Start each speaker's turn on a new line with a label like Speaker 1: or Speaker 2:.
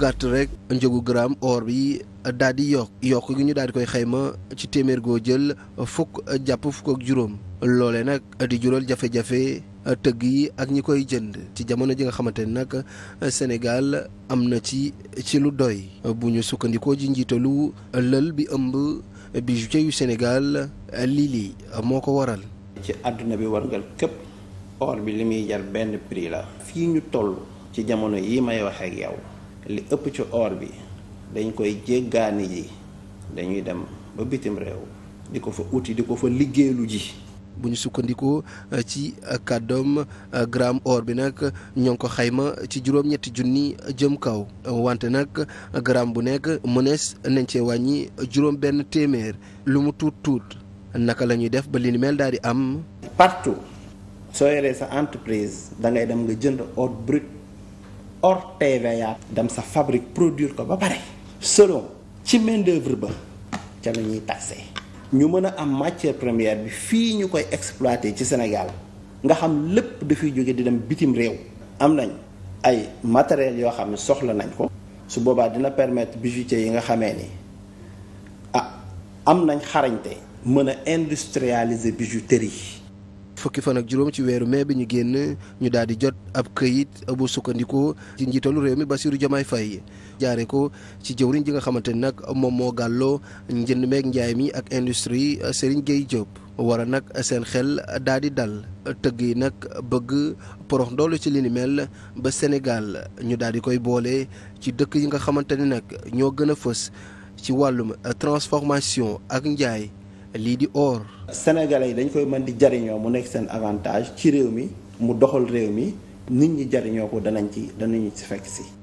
Speaker 1: gàtt rek njëgu gramme or bi daal di yokk yokk gi ñu daal di koy xayma ci téeméer goo jël fukk jàpp fukk ak juróom loole nag di jural jafe-jafe tëgg yi ak ñi koy jënd ci jamono ji nga xamante ne nag Sénégal am na ci ci lu doy bu ñu sukkandikoo ji njiitalu lël bi ëmb bijoutier yu Sénégal lii lii moo ko waral.
Speaker 2: ci àdduna bi warngal képp or bi li muy jar benn prix la. fii ñu toll ci jamono yi may wax ak yow. li ëpp ci oor bi dañ koy jéggaani yi dañuy dem ba bitim réew
Speaker 1: di ko fa uti di ko fa liggéeylu ji bu ñu sukkandikoo euh, ci euh, kàddoom euh, gramme or bi nag ñoo ngi ko xayma ci juróom-ñetti junni jëm kaw wante nag gramme bu nekk mënees nañ cee wàññi juróom benn téeméer lu mu tuut tuut naka la ñuy def ba li ni mel daal di am partout soo yoree sa
Speaker 2: entreprise da ngay dem nga jënd or brut or hors TVA dem sa fabrique produire ko ba pare selon ci main d'œuvre ba ca la ñuy taxé ñu mën a am matière première bi fii ñu koy exploité ci Sénégal nga xam lépp dafay jóge di dem bitim réew am nañ ay matériels yoo xam ne soxla nañ ko su boobaa dina permettre bijoutier yi nga xamee ni ah am nañ xarañte mën a industrialiser bijouterie
Speaker 1: fukki fan ak juróom ci weeru mai bi ñu génn ñu daal di jot ab këyit bu sukkandikoo ci njiitalu réew mi ba Bassirou Diomaye fay jaare ko ci jëwriñ ji nga xamante ni nag moom moo gàlloo njënd meeg njaay mi ak industrie Serigne Gueye Diop. war nag seen xel daal di dal tëgg yi nag bëgg porox ndoolu ci li ni mel ba Sénégal ñu daal di koy boole ci dëkk yi nga xamante ni nag ñoo gën a fës ci wàllum transformation ak njaay. lii di or. senegale yi dañ koy mën di jariñoo mu nekk seen avantage ci réew mi
Speaker 2: mu doxal réew mi nit ñi jariñoo ko danañ ci danañu ci fekk si.